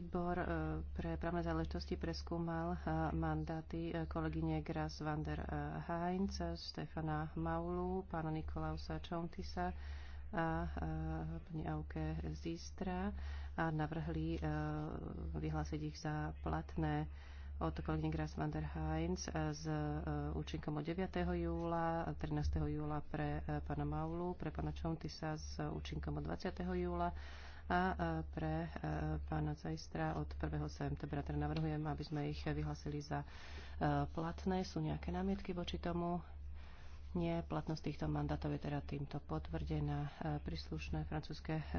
Výbor e, pre právne záležitosti preskúmal e, mandáty e, kolegyne Gras van der Heinz, Stefana Maulu, pána Nikolausa Čontisa a pani Auke Zistra a navrhli vyhlásiť ich za platné od kolegyne Gras van der Heinz s účinkom od 9. júla, 13. júla pre pána Maulu, pre pána Čontisa s účinkom od 20. júla a pre pána Cajstra. od 1. septembra. Teda navrhujem, aby sme ich vyhlasili za e, platné. Sú nejaké námietky voči tomu? Nie, platnosť týchto mandátov je teda týmto potvrdená. E, príslušné francúzske e,